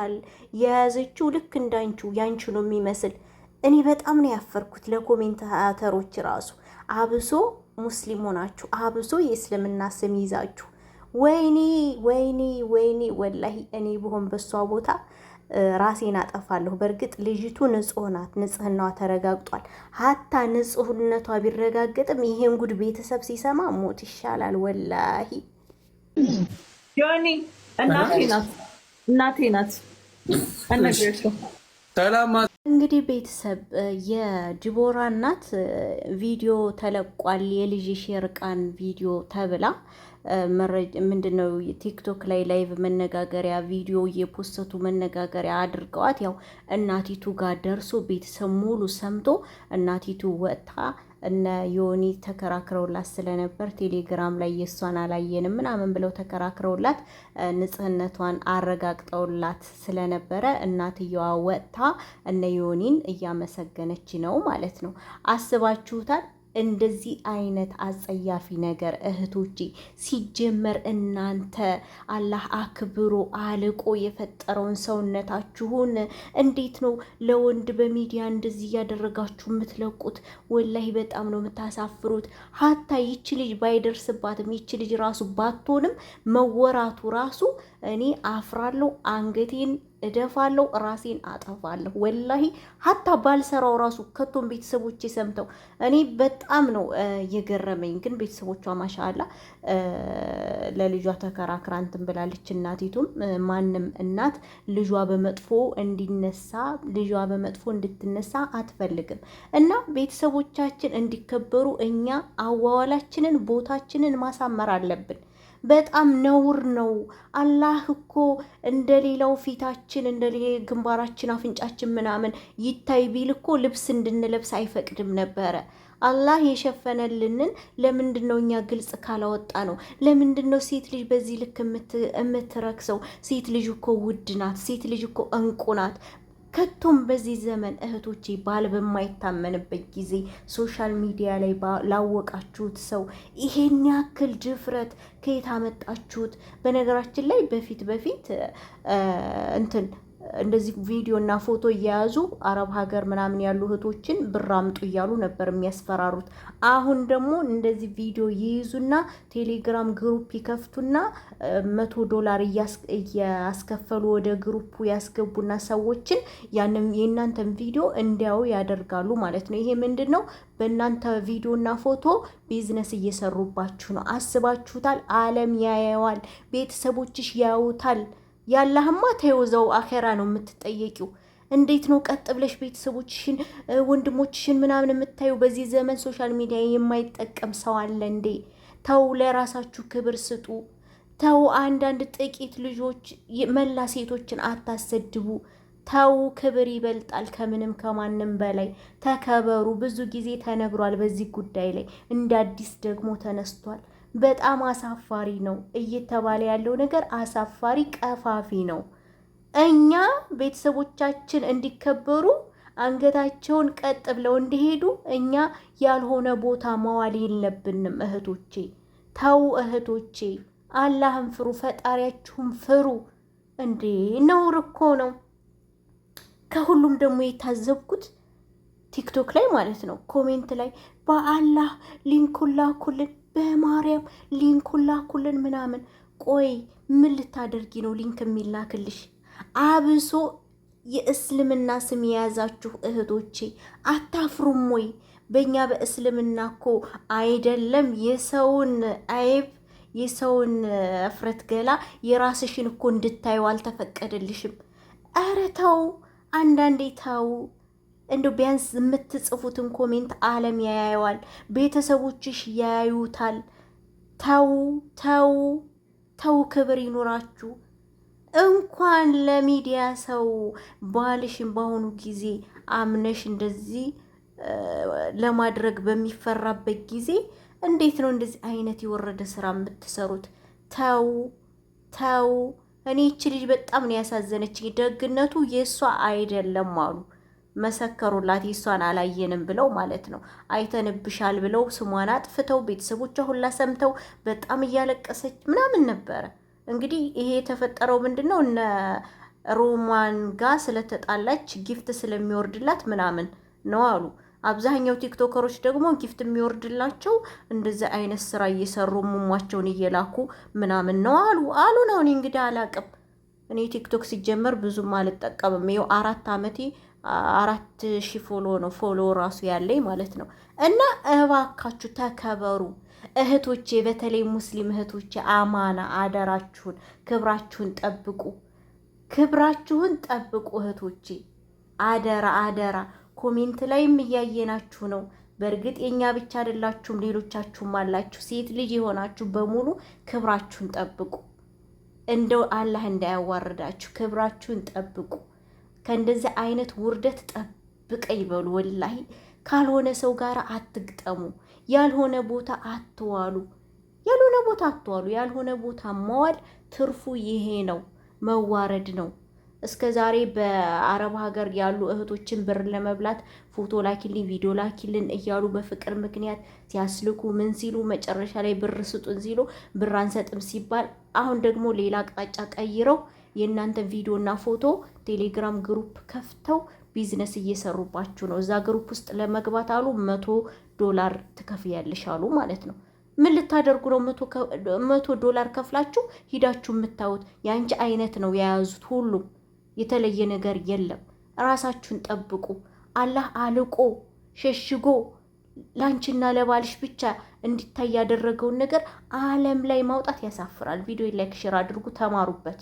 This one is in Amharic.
ይመስላል የያዘችው ልክ እንዳንቹ ያንቹ ነው የሚመስል። እኔ በጣም ነው ያፈርኩት ለኮሜንታተሮች ራሱ አብሶ ሙስሊም ሆናችሁ አብሶ የእስልምና ስም ይዛችሁ ወይኔ ወይኔ ወይኔ ወላሂ እኔ ብሆን በሷ ቦታ ራሴን አጠፋለሁ። በእርግጥ ልጅቱ ንጹህ ናት፣ ንጽህናዋ ተረጋግጧል። ሀታ ንጹህነቷ ቢረጋገጥም ይሄን ጉድ ቤተሰብ ሲሰማ ሞት ይሻላል ወላሂ። ዮኒ እናቴ ናት፣ እናቴ ናት። እንግዲህ ቤተሰብ የጅቦራ እናት ቪዲዮ ተለቋል፣ የልጅ ሽርቃን ቪዲዮ ተብላ ምንድን ነው ቲክቶክ ላይ ላይቭ መነጋገሪያ ቪዲዮ የፖሰቱ መነጋገሪያ አድርገዋት ያው እናቲቱ ጋር ደርሶ ቤተሰብ ሙሉ ሰምቶ እናቲቱ ወጥታ እነ ዮኒ ተከራክረውላት ስለነበር ቴሌግራም ላይ የእሷን አላየንም ምናምን ብለው ተከራክረውላት ንጽህነቷን አረጋግጠውላት ስለነበረ እናትየዋ ወጥታ እነ ዮኒን እያመሰገነች ነው ማለት ነው። አስባችሁታል? እንደዚህ አይነት አጸያፊ ነገር እህቶቼ፣ ሲጀመር እናንተ አላህ አክብሮ አልቆ የፈጠረውን ሰውነታችሁን እንዴት ነው ለወንድ በሚዲያ እንደዚህ እያደረጋችሁ የምትለቁት? ወላይ በጣም ነው የምታሳፍሩት። ሀታ ይቺ ልጅ ባይደርስባትም ይቺ ልጅ ራሱ ባትሆንም መወራቱ ራሱ እኔ አፍራለሁ አንገቴን እደፋለሁ፣ ራሴን አጠፋለሁ። ወላሂ ሀታ ባልሰራው ራሱ ከቶም ቤተሰቦች ሰምተው እኔ በጣም ነው የገረመኝ። ግን ቤተሰቦቿ ማሻላ ለልጇ ተከራክራ እንትን ብላለች። እናቲቱም ማንም እናት ልጇ በመጥፎ እንዲነሳ ልጇ በመጥፎ እንድትነሳ አትፈልግም። እና ቤተሰቦቻችን እንዲከበሩ እኛ አዋዋላችንን ቦታችንን ማሳመር አለብን። በጣም ነውር ነው። አላህ እኮ እንደሌላው ፊታችን እንደ ግንባራችን፣ አፍንጫችን ምናምን ይታይ ቢል እኮ ልብስ እንድንለብስ አይፈቅድም ነበረ። አላህ የሸፈነልንን ለምንድን ነው እኛ ግልጽ ካላወጣ ነው? ለምንድን ነው ሴት ልጅ በዚህ ልክ የምትረክሰው? ሴት ልጅ እኮ ውድ ናት። ሴት ልጅ እኮ እንቁ ናት። ከቶም በዚህ ዘመን እህቶቼ ባል በማይታመንበት ጊዜ ሶሻል ሚዲያ ላይ ላወቃችሁት ሰው ይሄን ያክል ድፍረት ከየት አመጣችሁት? በነገራችን ላይ በፊት በፊት እንትን እንደዚህ ቪዲዮ እና ፎቶ እየያዙ አረብ ሀገር ምናምን ያሉ እህቶችን ብር አምጡ እያሉ ነበር የሚያስፈራሩት። አሁን ደግሞ እንደዚህ ቪዲዮ ይይዙና ቴሌግራም ግሩፕ ይከፍቱና መቶ ዶላር እያስከፈሉ ወደ ግሩፑ ያስገቡና ሰዎችን ያንን የእናንተን ቪዲዮ እንዲያው ያደርጋሉ ማለት ነው። ይሄ ምንድን ነው? በእናንተ ቪዲዮ እና ፎቶ ቢዝነስ እየሰሩባችሁ ነው። አስባችሁታል? ዓለም ያየዋል፣ ቤተሰቦችሽ ያዩታል። ያላህማ ተይወዛው አኼራ ነው የምትጠየቂው። እንዴት ነው ቀጥ ብለሽ ቤተሰቦችሽን ወንድሞችሽን ምናምን የምታዩ? በዚህ ዘመን ሶሻል ሚዲያ የማይጠቀም ሰው አለ እንዴ? ተው፣ ለራሳችሁ ክብር ስጡ። ተው፣ አንዳንድ ጥቂት ልጆች መላ ሴቶችን አታሰድቡ። ተው፣ ክብር ይበልጣል ከምንም ከማንም በላይ ተከበሩ። ብዙ ጊዜ ተነግሯል በዚህ ጉዳይ ላይ፣ እንደ አዲስ ደግሞ ተነስቷል። በጣም አሳፋሪ ነው እየተባለ ያለው ነገር አሳፋሪ፣ ቀፋፊ ነው። እኛ ቤተሰቦቻችን እንዲከበሩ አንገታቸውን ቀጥ ብለው እንዲሄዱ እኛ ያልሆነ ቦታ መዋል የለብንም። እህቶቼ ተው፣ እህቶቼ አላህን ፍሩ፣ ፈጣሪያችሁን ፍሩ። እንዴ ነውር እኮ ነው። ከሁሉም ደግሞ የታዘብኩት ቲክቶክ ላይ ማለት ነው። ኮሜንት ላይ በአላህ ሊንኩን ላኩልን፣ በማርያም ሊንኩን ላኩልን ምናምን። ቆይ ምን ልታደርጊ ነው ሊንክ የሚላክልሽ? አብሶ የእስልምና ስም የያዛችሁ እህቶቼ አታፍሩም ወይ? በእኛ በእስልምና እኮ አይደለም የሰውን አይብ የሰውን እፍረት ገላ የራስሽን እኮ እንድታዩ አልተፈቀደልሽም። ኧረ ተው አንዳንዴ ተው። እንደው ቢያንስ የምትጽፉትን ኮሜንት ዓለም ያያየዋል፣ ቤተሰቦችሽ ያያዩታል። ተው ተው ተው፣ ክብር ይኖራችሁ። እንኳን ለሚዲያ ሰው ባልሽን በአሁኑ ጊዜ አምነሽ እንደዚህ ለማድረግ በሚፈራበት ጊዜ እንዴት ነው እንደዚህ አይነት የወረደ ስራ የምትሰሩት? ተው ተው። እኔ ይቺ ልጅ በጣም ነው ያሳዘነች። ደግነቱ የእሷ አይደለም አሉ መሰከሩላት ይሷን አላየንም ብለው ማለት ነው። አይተንብሻል ብለው ስሟን አጥፍተው ቤተሰቦቿ ሁላ ሰምተው በጣም እያለቀሰች ምናምን ነበረ። እንግዲህ ይሄ የተፈጠረው ምንድን ነው እነ ሮማን ጋር ስለተጣላች ጊፍት ስለሚወርድላት ምናምን ነው አሉ። አብዛኛው ቲክቶከሮች ደግሞ ጊፍት የሚወርድላቸው እንደዚህ አይነት ስራ እየሰሩ ሙሟቸውን እየላኩ ምናምን ነው አሉ አሉ ነው። እኔ እንግዲህ አላቅም። እኔ ቲክቶክ ሲጀመር ብዙም አልጠቀምም። ይኸው አራት አመቴ አራት ሺ ፎሎ ነው ፎሎ ራሱ ያለኝ ማለት ነው። እና እባካችሁ ተከበሩ እህቶቼ፣ በተለይ ሙስሊም እህቶቼ አማና አደራችሁን፣ ክብራችሁን ጠብቁ፣ ክብራችሁን ጠብቁ እህቶቼ፣ አደራ አደራ። ኮሜንት ላይም እያየናችሁ ነው። በእርግጥ የኛ ብቻ አይደላችሁም፣ ሌሎቻችሁም አላችሁ። ሴት ልጅ የሆናችሁ በሙሉ ክብራችሁን ጠብቁ፣ እንደው አላህ እንዳያዋርዳችሁ፣ ክብራችሁን ጠብቁ። ከእንደዚህ አይነት ውርደት ጠብቀ ይበሉ። ወላሂ ካልሆነ ሰው ጋር አትግጠሙ። ያልሆነ ቦታ አትዋሉ። ያልሆነ ቦታ አትዋሉ። ያልሆነ ቦታ መዋል ትርፉ ይሄ ነው፣ መዋረድ ነው። እስከ ዛሬ በአረብ ሀገር ያሉ እህቶችን ብር ለመብላት ፎቶ ላኪልን፣ ቪዲዮ ላኪልን እያሉ በፍቅር ምክንያት ሲያስልኩ ምን ሲሉ መጨረሻ ላይ ብር ስጡን ሲሉ ብር አንሰጥም ሲባል አሁን ደግሞ ሌላ አቅጣጫ ቀይረው የእናንተ ቪዲዮ እና ፎቶ ቴሌግራም ግሩፕ ከፍተው ቢዝነስ እየሰሩባችሁ ነው። እዛ ግሩፕ ውስጥ ለመግባት አሉ መቶ ዶላር ትከፍያለሽ አሉ ማለት ነው። ምን ልታደርጉ ነው? መቶ ዶላር ከፍላችሁ ሂዳችሁ የምታዩት የአንቺ አይነት ነው የያዙት። ሁሉም የተለየ ነገር የለም። ራሳችሁን ጠብቁ። አላህ አልቆ ሸሽጎ ላንቺና ለባልሽ ብቻ እንዲታይ ያደረገውን ነገር ዓለም ላይ ማውጣት ያሳፍራል። ቪዲዮ ላይክ፣ ሼር አድርጉ፣ ተማሩበት።